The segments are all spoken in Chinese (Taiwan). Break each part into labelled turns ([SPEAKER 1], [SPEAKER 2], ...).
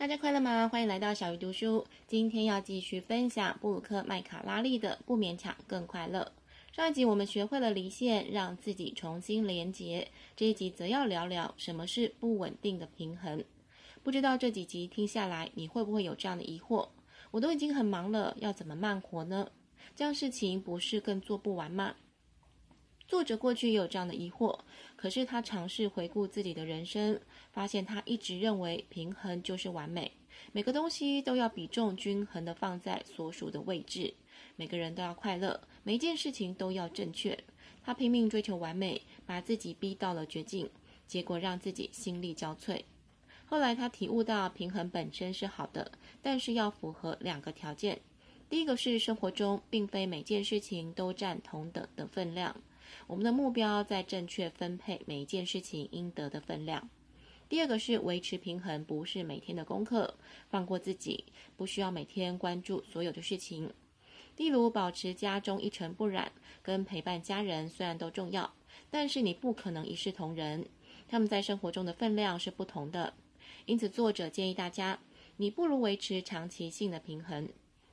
[SPEAKER 1] 大家快樂嗎？歡迎來到小魚讀書。今天要繼續分享布魯克麥卡拉莉的《不勉強更快樂》。上一集我們學會了離線，讓自己重新連接。這一集則要聊聊什麼是不穩定的平衡。不知道這幾集聽下來，你會不會有這樣的疑惑？我都已經很忙了，要怎麼慢活呢？這樣事情不是更做不完嗎？作者過去也有這樣的疑惑，可是他嘗試回顧自己的人生，發現他一直認為平衡就是完美，每個東西都要比重均衡的放在所屬的位置，每個人都要快樂，每一件事情都要正確。他拼命追求完美，把自己逼到了絕境，結果讓自己心力交瘁。後來他體悟到，平衡本身是好的，但是要符合兩個條件：第一個是生活中並非每件事情都占同等的分量。我們的目標在正確分配每一件事情應得的分量。第二個是維持平衡，不是每天的功課，放過自己，不需要每天關注所有的事情。例如，保持家中一塵不染，跟陪伴家人雖然都重要，但是你不可能一視同仁，他們在生活中的分量是不同的。因此，作者建議大家，你不如維持長期性的平衡。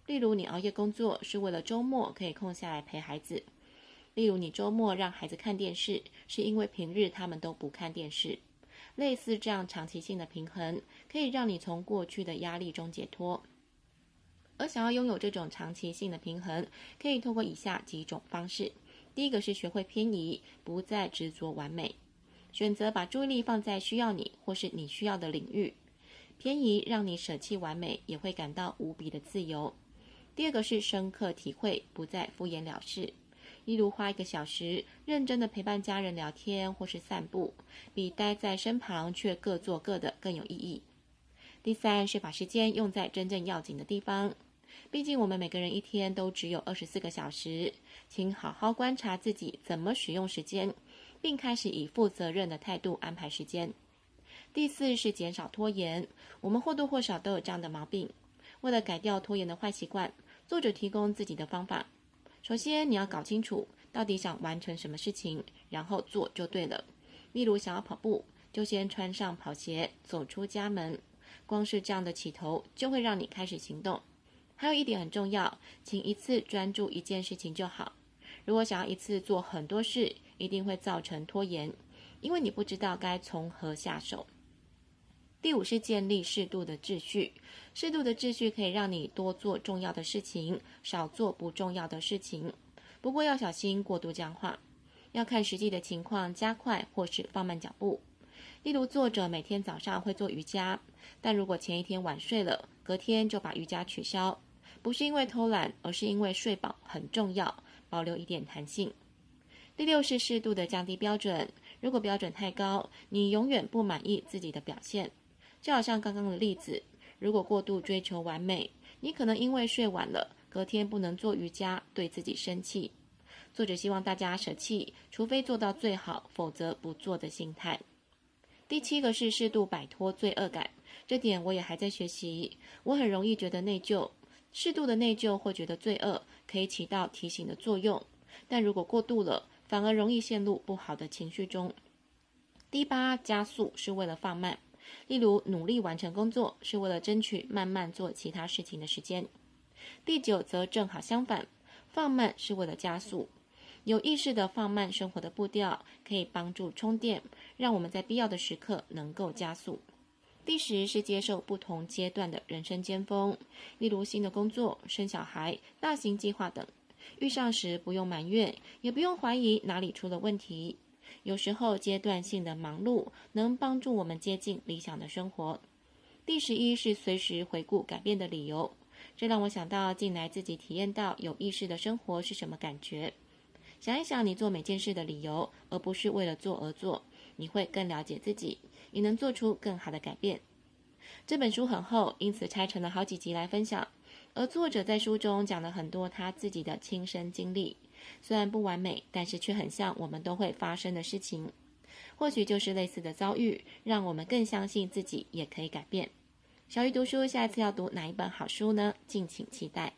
[SPEAKER 1] 例如，你熬夜工作是為了周末可以空下來陪孩子。例如，你週末讓孩子看電視，是因為平日他們都不看電視。類似這樣長期性的平衡，可以讓你從過去的壓力中解脫。而想要擁有這種長期性的平衡，可以透過以下幾種方式：第一個是學會偏移，不再執着完美，選擇把注意力放在需要你或是你需要的領域。偏移讓你捨棄完美，也會感到無比的自由。第二個是深刻體會，不再敷衍了事。例如花一個小時認真的陪伴家人聊天，或是散步，比待在身旁卻各做各的更有意義。第三，是把時間用在真正要緊的地方，畢竟我們每個人一天都只有二十四個小時，請好好觀察自己怎麼使用時間，並開始以負責任的態度安排時間。第四，是減少拖延，我們或多或少都有這樣的毛病。為了改掉拖延的壞習慣，作者提供自己的方法。首先，你要搞清楚到底想完成什麼事情，然後做就對了。例如，想要跑步，就先穿上跑鞋，走出家門。光是這樣的起頭，就會讓你開始行動。還有一點很重要，請一次專注一件事情就好。如果想要一次做很多事，一定會造成拖延，因為你不知道該從何下手。第五是建立適度的秩序，適度的秩序可以讓你多做重要的事情，少做不重要的事情。不過要小心過度僵化，要看實際的情況加快或是放慢腳步。例如，作者每天早上會做瑜伽，但如果前一天晚睡了，隔天就把瑜伽取消，不是因為偷懶，而是因為睡飽很重要，保留一點彈性。第六是適度的降低標準，如果標準太高，你永遠不滿意自己的表現。就好像剛剛的例子，如果過度追求完美，你可能因為睡晚了，隔天不能做瑜伽，對自己生氣。作者希望大家捨棄“除非做到最好，否則不做”的心態。第七個是適度擺脫罪惡感，這點我也還在學習。我很容易覺得內疚，適度的內疚或覺得罪惡可以起到提醒的作用，但如果過度了，反而容易陷入不好的情緒中。第八，加速是為了放慢。例如，努力完成工作是為了爭取慢慢做其他事情的時間。第九則正好相反，放慢是為了加速。有意識地放慢生活的步調，可以幫助充電，讓我們在必要的時刻能夠加速。第十是接受不同階段的人生尖峰，例如新的工作、生小孩、大型計劃等，遇上時不用埋怨，也不用懷疑哪裡出了問題。有時候階段性的忙碌能幫助我們接近理想的生活。第十一是隨時回顧改變的理由，這讓我想到近來自己體驗到有意識的生活是什麼感覺。想一想你做每件事的理由，而不是為了做而做，你會更了解自己，也能做出更好的改變。這本書很厚，因此拆成了好幾集來分享。而作者在書中講了很多他自己的親身經歷。雖然不完美，但是卻很像我們都會發生的事情。或許就是類似的遭遇，讓我們更相信自己也可以改變。小魚讀書，下一次要讀哪一本好書呢？敬請期待。